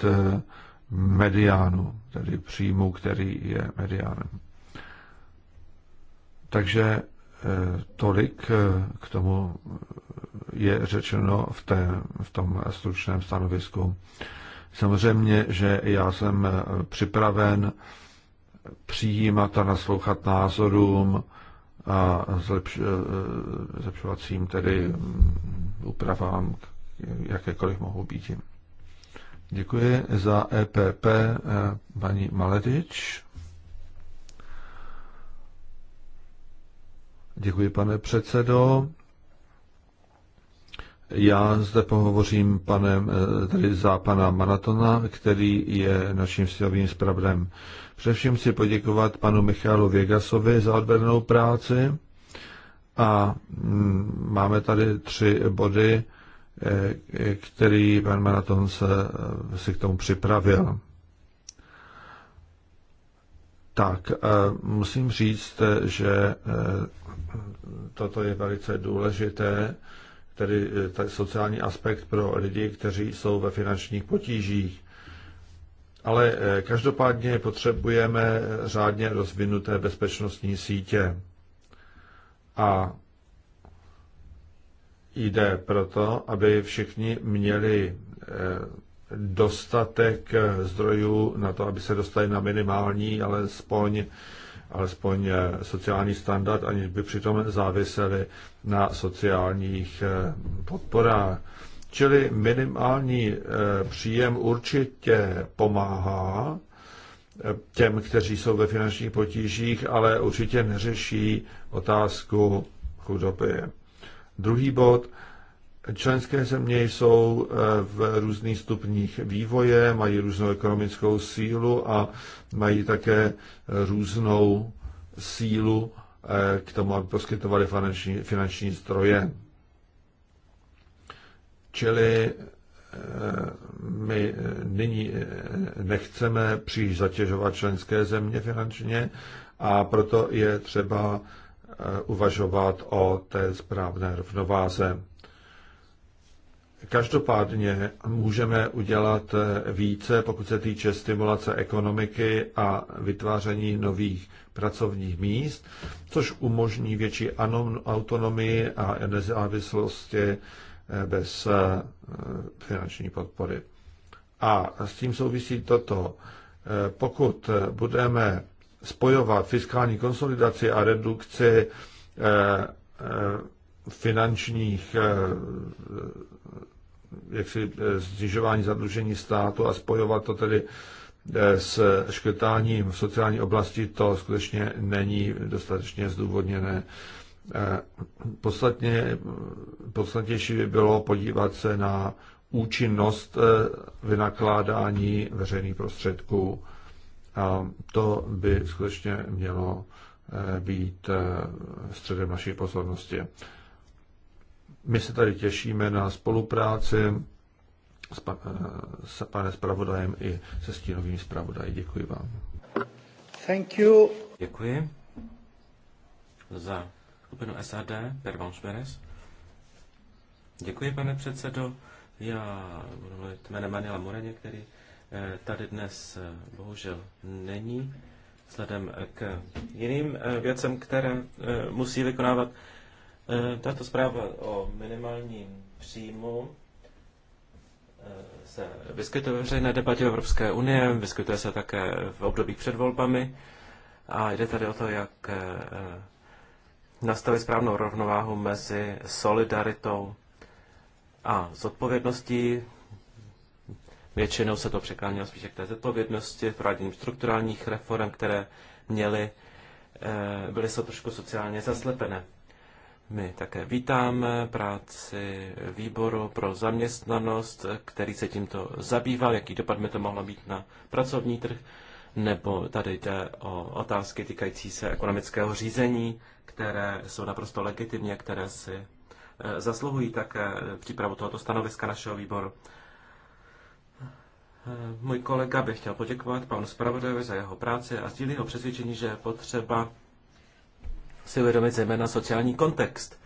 eh, mediánu, tedy příjmu, který je mediánem. Takže Eh, tolik eh, k tomu eh, je řečeno v, té, v tom stručném stanovisku. Samozřejmě, že já jsem připraven přijímat a naslouchat názorům a zlepš, zlepšovacím tedy mm, úpravám, jakékoliv mohou být. Děkuji za EPP paní Maledič. Děkuji, pane předsedo. Já zde pohovořím panem, eh, tady za pana Maratona, který je naším silovým zpravdem. Především si poděkovat panu Michalu Věgasovi za odvedenou práci. A mm, máme tady tři body, eh, který pan Maraton se, eh, si k tomu připravil. Tak, eh, musím říct, že eh, toto je velice důležité, tedy eh, sociální aspekt pro lidi, kteří jsou ve finančních potížích. Ale každopádně potřebujeme řádně rozvinuté bezpečnostní sítě. A jde proto, aby všichni měli dostatek eh, zdrojů na to, aby se dostali na minimální, ale alespoň, alespoň eh, sociální standard, aniž by přitom záviseli na sociálních eh, podporách. Čili minimální příjem určitě pomáhá těm, kteří jsou ve finančních potížích, ale určitě neřeší otázku chudoby. Druhý bod, Členské země jsou eh, v různých stupních vývoje, mají různou ekonomickou sílu a mají také různou sílu eh, k tomu, aby poskytovali finanční, finanční zdroje. Čili eh, my nyní nechceme příliš zatěžovat členské země finančně a proto je třeba uvažovat o té správné rovnováze. Každopádně můžeme udělat více, pokud se týče stimulace ekonomiky a vytváření nových pracovních míst, což umožní větší autonomii a nezávislosti eh, bez eh, finanční podpory. A s tím souvisí toto. Eh, pokud budeme spojovat fiskální konsolidaci a redukci finančních jaksi znižování eh, zadlužení státu a spojovat to tedy eh, s škrtáním v sociální oblasti, to skutečně není dostatečně zdůvodněné. Eh, podstatně, podstatnější by bylo podívat se na účinnost vynakládání veřejných prostředků. A to by skutečně mělo být středem naší pozornosti. My se tady těšíme na spolupráci s, pa, s panem zpravodajem i se stínovým zpravodají. Děkuji vám. Thank you. Děkuji za skupinu SAD, Pervanš Beres. Děkuji, pane předsedo. Já budu mluvit jménem Manila Moreně, který eh, tady dnes eh, bohužel není, vzhledem k jiným eh, věcem, které musí vykonávat. Eh, tato zpráva o minimálním příjmu eh, se vyskytuje ve veřejné debatě Evropské unie, vyskytuje se také v období před volbami a jde tady o to, jak eh, nastavit správnou rovnováhu mezi solidaritou a zodpovědností. Většinou se to překlánělo spíše k té zodpovědnosti, prováděním strukturálních reform, které měly, byly se trošku sociálně zaslepené. My také vítáme práci výboru pro zaměstnanost, který se tímto zabýval, jaký dopad by to mohlo mít na pracovní trh, nebo tady jde o otázky týkající se ekonomického řízení, které jsou naprosto legitimní které si e, zasluhují také přípravu tohoto stanoviska našeho výboru. E, můj kolega bych chtěl poděkovat panu zpravodajovi za jeho práci a sdílí ho přesvědčení, že je potřeba si uvědomit zejména sociální kontext,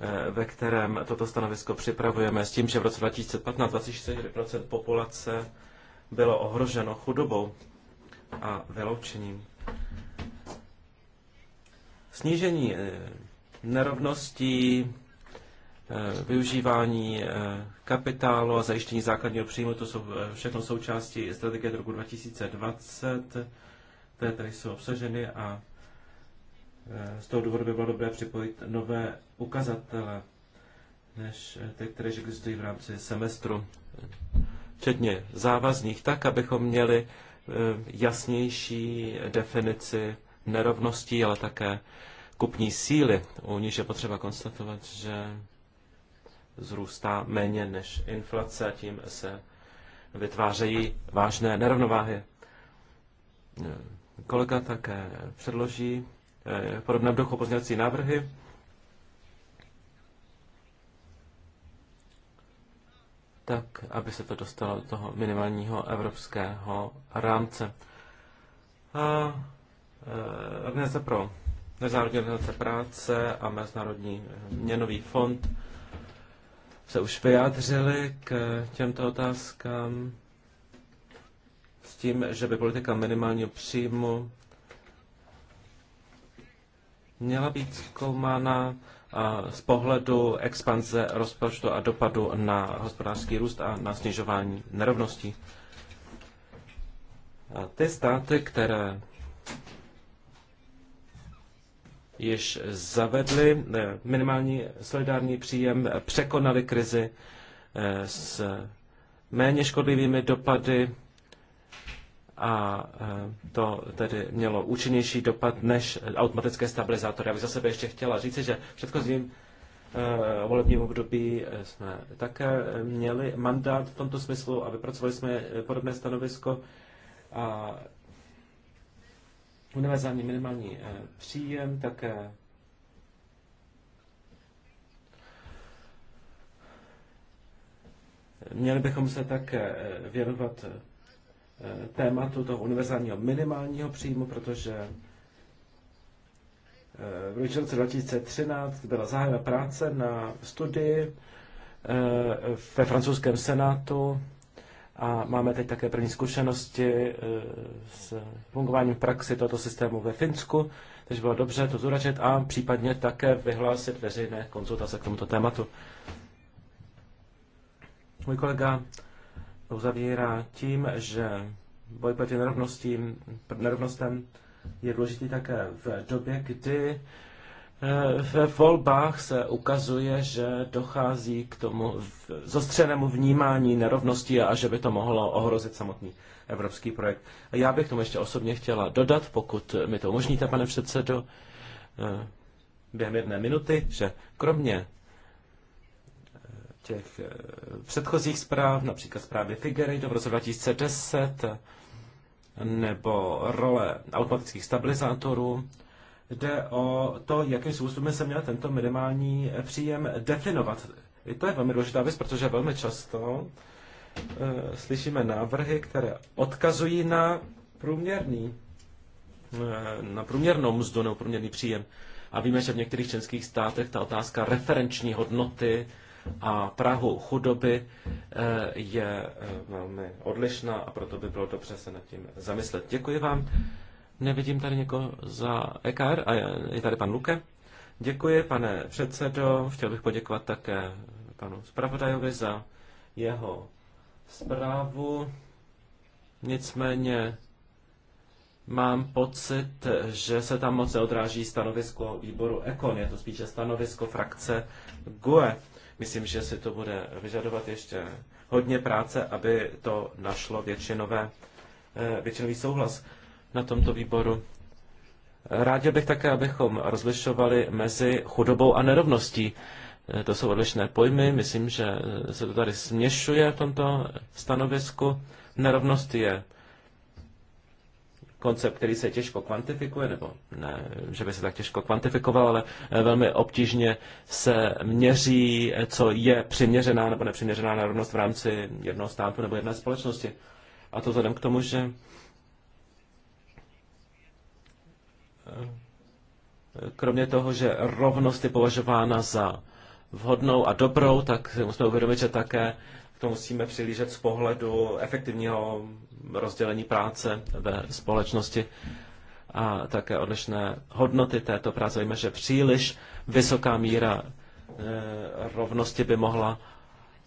eh, ve kterém toto stanovisko připravujeme s tím, že v roce 2015 24% populace bylo ohroženo chudobou a vyloučením. Snížení eh, nerovností, eh, využívání kapitálu a zajištění základního příjmu, to jsou všechno součástí strategie do roku 2020, které tady jsou obsaženy a Eh, z toho důvodu by bylo dobré připojit nové ukazatele, než eh, ty, které existují v rámci semestru, včetně závazných, tak, abychom měli eh, jasnější definici nerovností, ale také kupní síly, u níž je potřeba konstatovat, že zrůstá méně než inflace a tím se vytvářejí vážné nerovnováhy. Kolega také předloží v eh, podobném duchu pozměňovací návrhy. tak, aby se to dostalo do toho minimálního evropského rámce. A eh, organizace pro Mezinárodní organizace práce a Mezinárodní eh, měnový fond se už vyjádřili k těmto otázkám s tím, že by politika minimálního příjmu měla být zkoumána z pohledu expanze rozpočtu a dopadu na hospodářský růst a na snižování nerovností. A ty státy, které již zavedly eh, minimální solidární příjem, překonaly krizi eh, s méně škodlivými dopady a e, to tedy mělo účinnější dopad než automatické stabilizátory. Já bych za sebe ještě chtěla říci, že v předchozím e, volebním období e, jsme také měli mandát v tomto smyslu a vypracovali jsme podobné stanovisko a univerzální minimální příjem také Měli bychom se také věnovat Eh, tématu toho univerzálního minimálního příjmu, protože eh, v roce 2013 byla zahájena práce na studii eh, ve francouzském senátu a máme teď také první zkušenosti s fungováním praxi tohoto systému ve Finsku, takže bylo dobře to zúračit a případně také vyhlásit veřejné konzultace k tomuto tématu. Můj kolega uzavírá tím, že boj proti nerovnostím, nerovnostem je důležitý také v době, kdy eh, ve volbách se ukazuje, že dochází k tomu zostřenému vnímání nerovnosti a že by to mohlo ohrozit samotný evropský projekt. Já bych tomu ještě osobně chtěla dodat, pokud mi to umožníte, pane předsedo, eh, během jedné minuty, že kromě těch eh, předchozích zpráv, například zprávy Figueiredo v roce 2010, nebo role automatických stabilizátorů. Jde o to, jakým způsobem se měl tento minimální příjem definovat. I to je velmi důležitá věc, protože velmi často e, slyšíme návrhy, které odkazují na průměrný, e, na průměrnou mzdu nebo průměrný příjem. A víme, že v některých členských státech ta otázka referenční hodnoty a Prahu chudoby eh, je eh, velmi odlišná a proto by bylo dobře se nad tím zamyslet. Děkuji vám. Nevidím tady někoho za EKR a je tady pan Luke. Děkuji, pane předsedo. Chtěl bych poděkovat také panu zpravodajovi za jeho zprávu. Nicméně mám pocit, že se tam moc neodráží stanovisko výboru Ekon, je to spíše stanovisko frakce GUE. Myslím, že si to bude vyžadovat ještě hodně práce, aby to našlo většinové, eh, většinový souhlas na tomto výboru. Rád bych také, abychom rozlišovali mezi chudobou a nerovností. Eh, to jsou odlišné pojmy, myslím, že eh, se to tady směšuje v tomto stanovisku. Nerovnost je koncept, který se těžko kvantifikuje, nebo ne, že by se tak těžko kvantifikoval, ale eh, velmi obtížně se měří, eh, co je přiměřená nebo nepřiměřená nerovnost v rámci jednoho státu nebo jedné společnosti. A to vzhledem k tomu, že eh, kromě toho, že rovnost je považována za vhodnou a dobrou, tak si musíme uvědomit, že také to musíme přilížet z pohledu efektivního rozdělení práce ve společnosti a také odlišné hodnoty této práce. Víme, že příliš vysoká míra eh, rovnosti by mohla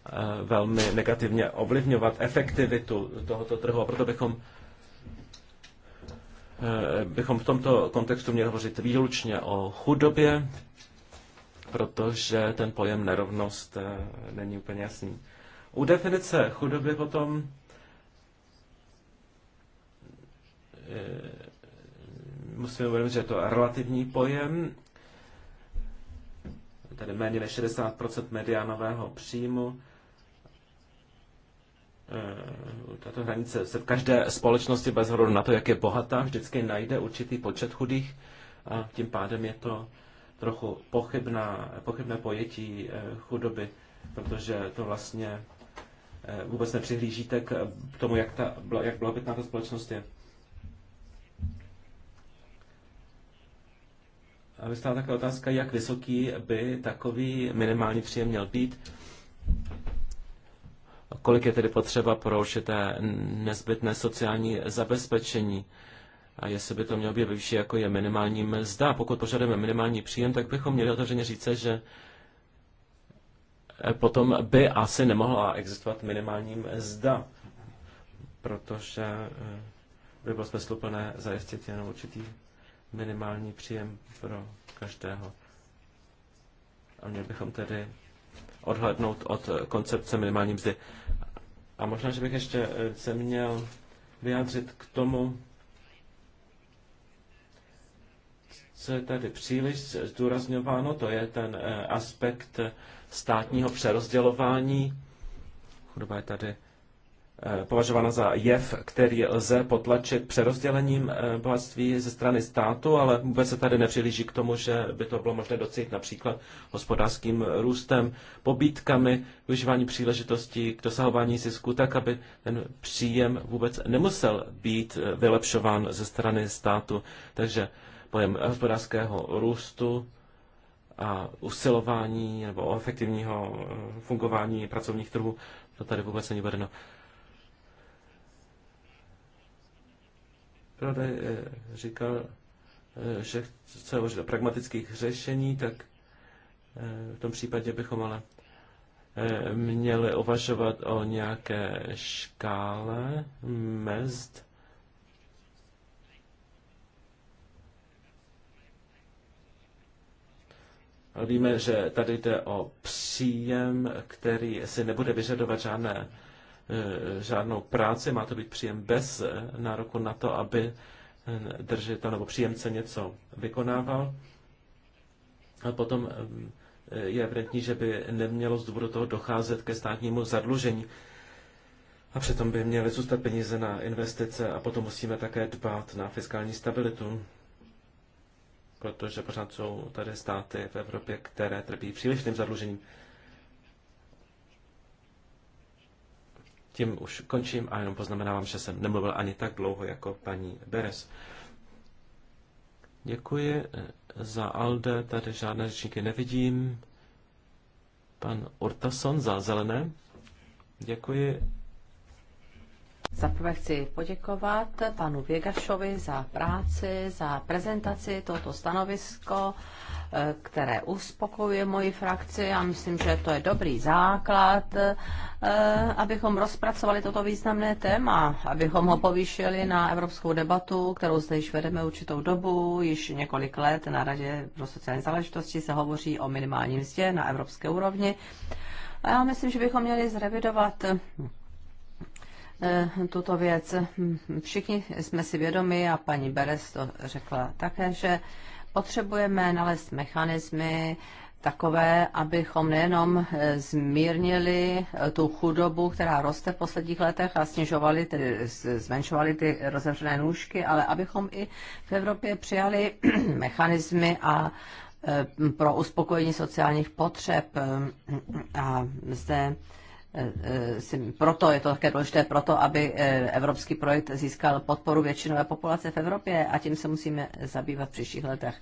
eh, velmi negativně ovlivňovat efektivitu tohoto trhu a proto bychom eh, bychom v tomto kontextu měli hovořit výlučně o chudobě, protože ten pojem nerovnost není úplně jasný. U definice chudoby potom eh, musíme uvědomit, že je to relativní pojem, tedy méně než 60 mediánového příjmu. Eh, Tato hranice se v každé společnosti, bez ohledu na to, jak je bohatá, vždycky najde určitý počet chudých a tím pádem je to trochu pochybná, pochybné pojetí eh, chudoby, protože to vlastně Eh, vůbec nepřihlížíte k eh, tomu, jak, ta, jak blahobytná ta společnost je. A vystává taková otázka, jak vysoký by takový minimální příjem měl být. Kolik je tedy potřeba pro určité nezbytné sociální zabezpečení? A jestli by to mělo být vyšší, jako je minimální mzda. Pokud požadujeme minimální příjem, tak bychom měli otevřeně říct, že potom by asi nemohla existovat minimální mzda, protože eh, by bylo smysluplné zajistit jenom určitý minimální příjem pro každého. A měli bychom tedy odhlednout od koncepce minimální mzdy. A možná, že bych ještě eh, se měl vyjádřit k tomu, co je tady příliš zdůrazňováno, to je ten eh, aspekt státního přerozdělování. Chudoba je tady eh, považována za jev, který lze potlačit přerozdělením eh, bohatství ze strany státu, ale vůbec se tady nepřilíží k tomu, že by to bylo možné docílit například hospodářským růstem, pobítkami, využívání příležitostí k dosahování zisku, tak aby ten příjem vůbec nemusel být vylepšován ze strany státu. Takže pojem hospodářského růstu a usilování nebo o efektivního eh, fungování pracovních trhů, to tady vůbec není vedeno. Prodej eh, říkal, eh, že chce hovořit o pragmatických řešení, tak v tom případě bychom ale měli uvažovat o nějaké škále mezd, víme, že tady jde o příjem, který si nebude vyžadovat žádné, eh, žádnou práci. Má to být příjem bez eh, nároku na to, aby eh, držitel nebo příjemce něco vykonával. A potom je evidentní, že by nemělo z důvodu toho docházet ke státnímu zadlužení. A přitom by měly zůstat peníze na investice a potom musíme také dbát na fiskální stabilitu protože pořád jsou tady státy v Evropě, které trpí přílišným zadlužením. Tím už končím a jenom poznamenávám, že jsem nemluvil ani tak dlouho jako paní Beres. Děkuji za Alde, tady žádné řečníky nevidím. Pan Ortason za zelené. Děkuji prvé chci poděkovat panu Věgašovi za práci, za prezentaci tohoto stanovisko, eh, které uspokojuje moji frakci a myslím, že to je dobrý základ, eh, abychom rozpracovali toto významné téma, abychom ho povýšili na evropskou debatu, kterou zde již vedeme určitou dobu, již několik let na Radě pro sociální záležitosti se hovoří o minimálním vzdě na evropské úrovni. A já myslím, že bychom měli zrevidovat Eh, tuto věc. Hm, všichni jsme si vědomi, a paní Beres to řekla také, že potřebujeme nalézt mechanismy takové, abychom nejenom eh, zmírnili eh, tu chudobu, která roste v posledních letech a snižovali, tedy zmenšovali ty rozevřené nůžky, ale abychom i v Evropě přijali mechanismy a pro uspokojení sociálních potřeb. A zde proto je to také důležité, proto, aby eh, evropský projekt získal podporu většinové populace v Evropě a tím se musíme zabývat v příštích letech.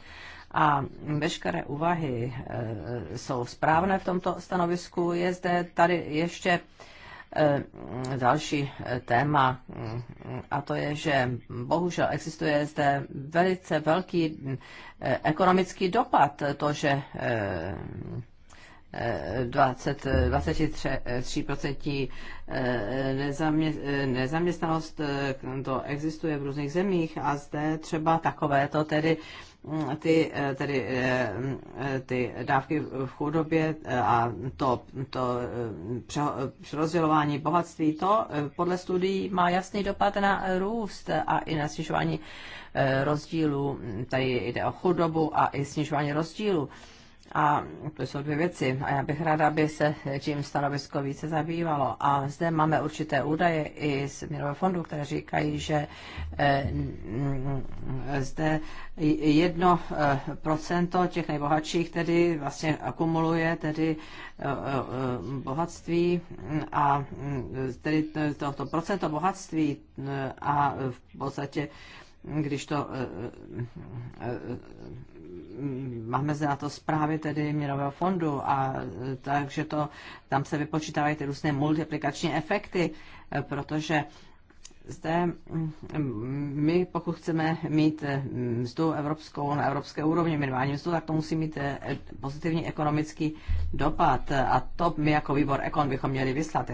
A veškeré úvahy eh, jsou správné v tomto stanovisku. Je zde tady ještě eh, další téma mm, a to je, že bohužel existuje zde velice velký ekonomický dopad, to, že 23% eh, nezamě, eh, nezaměstnanost, eh, to existuje v různých zemích a zde třeba takovéto tedy mm, ty, tedy, mm, ty dávky v chudobě a to, to přerozdělování bohatství, to podle studií má jasný dopad na růst a i na snižování rozdílu. Tady jde o chudobu a i snižování rozdílu. A to jsou dvě věci. A já bych ráda, aby se tím stanovisko více zabývalo. A zde máme určité údaje i z Měnového fondu, které říkají, že eh, zde jedno eh, procento těch nejbohatších tedy vlastně akumuluje tedy eh, bohatství a tedy tohoto procento bohatství a v podstatě když to máme zde na to zprávy tedy měnového fondu a e, takže to, tam se vypočítávají ty různé multiplikační efekty, e, protože zde mm, mm, my, pokud chceme mít e, mzdu evropskou na evropské úrovni, minimální mzdu, tak to musí mít pozitivní ekonomický dopad. A to my jako výbor Ekon bychom měli vyslat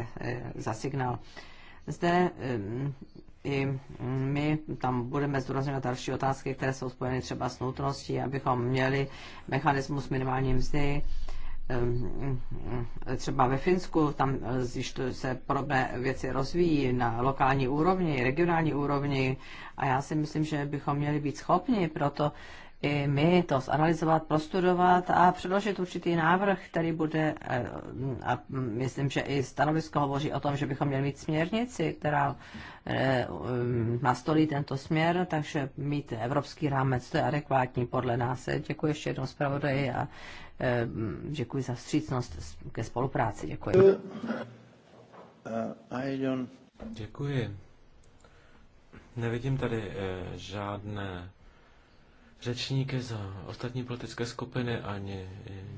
za signál. Zde i my tam budeme zdůrazňovat další otázky, které jsou spojeny třeba s nutností, abychom měli mechanismus minimální mzdy. Ehm, třeba ve Finsku, tam se podobné věci rozvíjí na lokální úrovni, regionální úrovni a já si myslím, že bychom měli být schopni proto i my to zanalizovat, prostudovat a předložit určitý návrh, který bude, eh, a myslím, že i stanovisko hovoří o tom, že bychom měli mít směrnici, která eh, nastolí tento směr, takže mít evropský rámec, to je adekvátní podle nás. Děkuji ještě jednou zpravodaji a eh, děkuji za vstřícnost ke spolupráci. Děkuji. Děkuji. Nevidím tady žádné řečníky za ostatní politické skupiny, ně,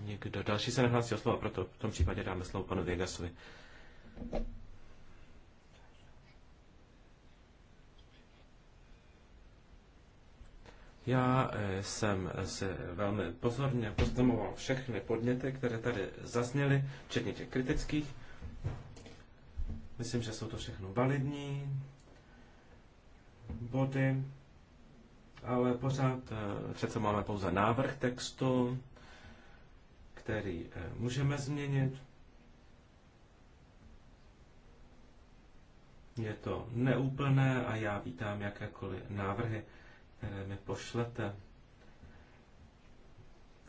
někdo další se nehlásí o slovo, proto v tom případě dáme slovo panu Vegasovi. Já eh, jsem eh, se velmi pozorně poznamoval všechny podněty, které tady zazněly, včetně těch kritických. Myslím, že jsou to všechno validní body ale pořád eh, přece máme pouze návrh textu, který eh, můžeme změnit. Je to neúplné a já vítám jakékoliv návrhy, které mi pošlete.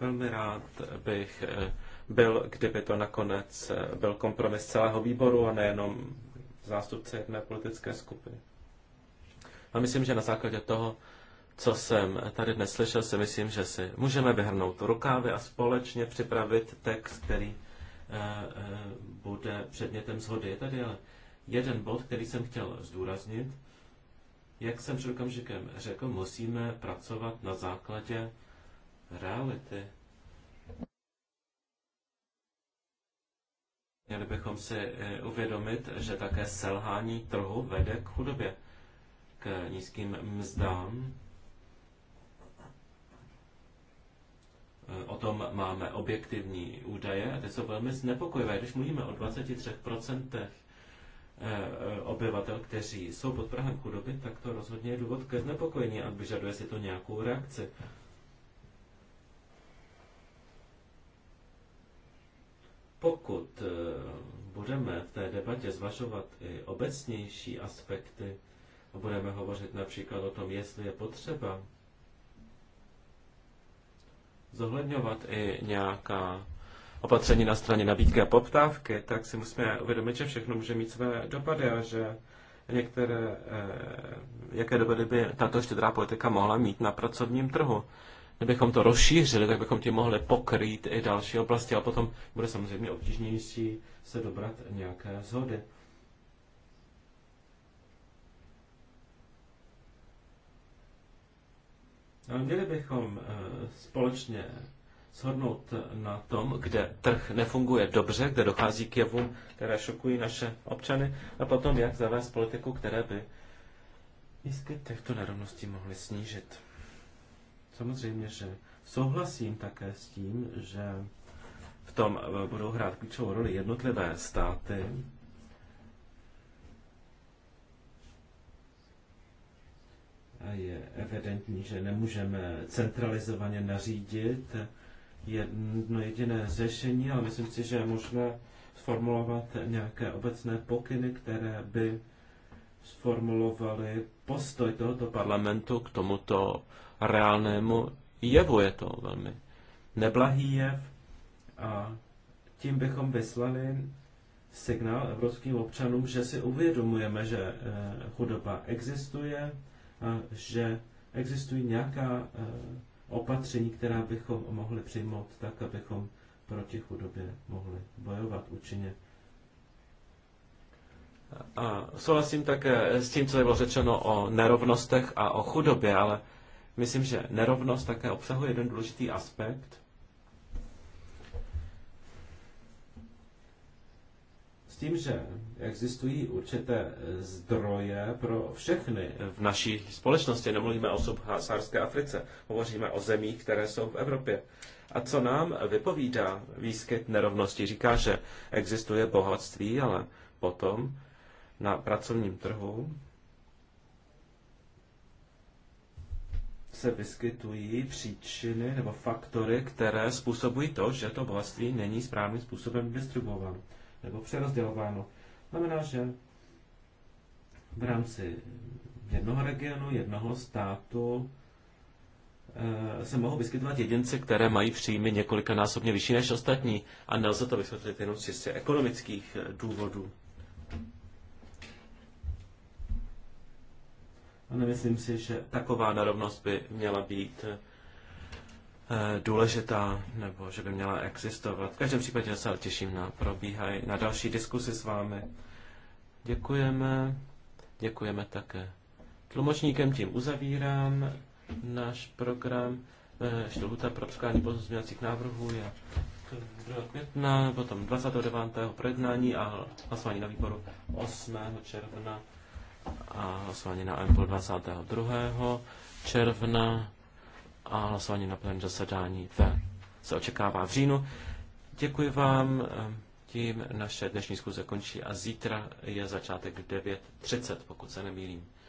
Velmi rád bych eh, byl, kdyby to nakonec byl kompromis celého výboru a nejenom zástupce jedné politické skupiny. A myslím, že na základě toho co jsem tady dnes slyšel, si myslím, že si můžeme vyhrnout rukávy a společně připravit text, který eh, eh, bude předmětem zhody. Je tady ale jeden bod, který jsem chtěl zdůraznit. Jak jsem před okamžikem řekl, musíme pracovat na základě reality. Měli bychom si eh, uvědomit, že také selhání trhu vede k chudobě, k nízkým mzdám O tom máme objektivní údaje a ty jsou velmi znepokojivé. Když mluvíme o 23% eh, eh, obyvatel, kteří jsou pod Prahem chudoby, tak to rozhodně je důvod ke znepokojení a vyžaduje si to nějakou reakci. Pokud eh, budeme v té debatě zvažovat i obecnější aspekty, budeme hovořit například o tom, jestli je potřeba zohledňovat i nějaká opatření na straně nabídky a poptávky, tak si musíme uvědomit, že všechno může mít své dopady a že některé, eh, jaké dopady by tato štědrá politika mohla mít na pracovním trhu. Kdybychom to rozšířili, tak bychom tím mohli pokrýt i další oblasti a potom bude samozřejmě obtížnější se dobrat nějaké zhody. Měli bychom eh, společně shodnout na tom, kde trh nefunguje dobře, kde dochází k jevům, které šokují naše občany, a potom jak zavést politiku, které by jistě těchto nerovností mohly snížit. Samozřejmě, že souhlasím také s tím, že v tom eh, budou hrát klíčovou roli jednotlivé státy, je evidentní, že nemůžeme centralizovaně nařídit jedno jediné řešení, ale myslím si, že je možné sformulovat nějaké obecné pokyny, které by sformulovaly postoj tohoto parlamentu k tomuto reálnému jevu. Je to velmi neblahý jev a tím bychom vyslali signál evropským občanům, že si uvědomujeme, že eh, chudoba existuje, že existují nějaká e, opatření, která bychom mohli přijmout tak, abychom proti chudobě mohli bojovat účinně. A souhlasím také s tím, co bylo řečeno o nerovnostech a o chudobě, ale myslím, že nerovnost také obsahuje jeden důležitý aspekt. S tím, že existují určité eh, zdroje pro všechny v naší společnosti. Nemluvíme o subsahárské Africe, hovoříme o zemích, které jsou v Evropě. A co nám vypovídá výskyt nerovnosti? Říká, že existuje bohatství, ale potom na pracovním trhu se vyskytují příčiny nebo faktory, které způsobují to, že to bohatství není správným způsobem distribuováno nebo přerozdělováno. Znamená, že v rámci jednoho regionu, jednoho státu eh, se mohou vyskytovat jedinci, které mají příjmy několikanásobně vyšší než ostatní a nelze to vysvětlit jenom z čistě ekonomických eh, důvodů. A nemyslím si, že taková nerovnost by měla být eh, Eh, důležitá, nebo že by měla existovat. V každém případě se těším na probíhaj, na další diskusy s vámi. Děkujeme, děkujeme také. Tlumočníkem tím uzavírám náš program. Eh, ještě lhuta pro předkládání pozměňovacích návrhů je 2. května, potom 29. projednání a hlasování na výboru 8. června a hlasování na MPL 22. června a hlasování na plném zasedání v, se očekává v říjnu. Děkuji vám, ehm, tím naše dnešní zkuze končí a zítra je začátek 9.30, pokud se nemýlím.